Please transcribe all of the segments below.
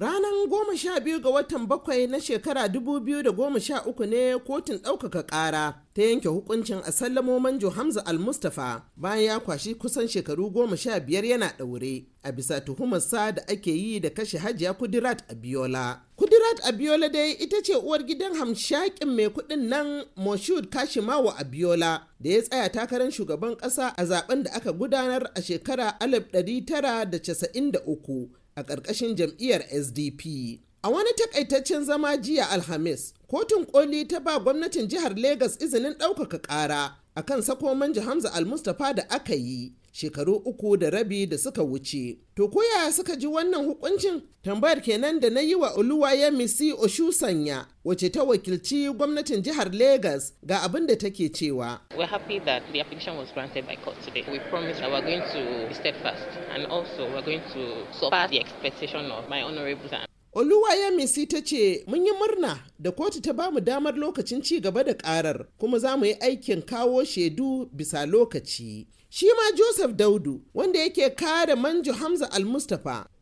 Ranar goma sha biyu ga watan bakwai na shekara dubu biyu da sha goma uku ne kotun ɗaukaka ƙara ta yanke hukuncin a sallamoman Hamza Al-Mustapha bayan ya kwashi kusan shekaru goma sha biyar yana ɗaure a bisa tuhumarsa da ake yi da kashe hajiya Kudirat Abiola. Kudirat Abiola dai ita ce uwar gidan hamshakin mai kuɗin nan Moshood Kashimawa Abiola da ya tsaya takarar shugaban ƙasa a zaben da aka gudanar a shekara alif tara da da casa'in uku. a ƙarƙashin jam'iyyar SDP. A wani takaitaccen zama jiya Alhamis, kotun koli ta ba gwamnatin jihar Legas izinin ɗaukaka ƙara akan sako manja Hamza Al-Mustapha da aka yi shekaru uku da rabi da suka wuce. To koya suka ji wannan hukuncin? Tambayar kenan da na yi wa Oluwaye Misi Oshusanya wace ta wakilci gwamnatin jihar Legas ga abin da take cewa. We're happy that the application was granted by court today. We promise that we're going to be steadfast and also we're going to surpass the expectation of my honorable and Oluwayemisi ta ce mun yi murna da kotu ta bamu damar lokacin ci gaba da karar kuma za mu yi aikin kawo shaidu bisa lokaci. Shi ma Joseph Daudu wanda yake kare manjo Hamza Al-Mustapha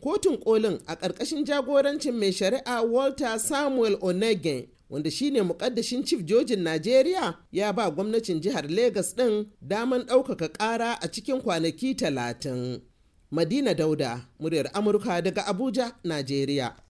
kotun kolin a ƙarƙashin jagorancin mai shari'a walter samuel onegin wanda shine Muƙaddashin chief jojin najeriya ya ba gwamnatin jihar Legas ɗin daman ɗaukaka ƙara a cikin kwanaki talatin madina dauda muryar amurka daga abuja najeriya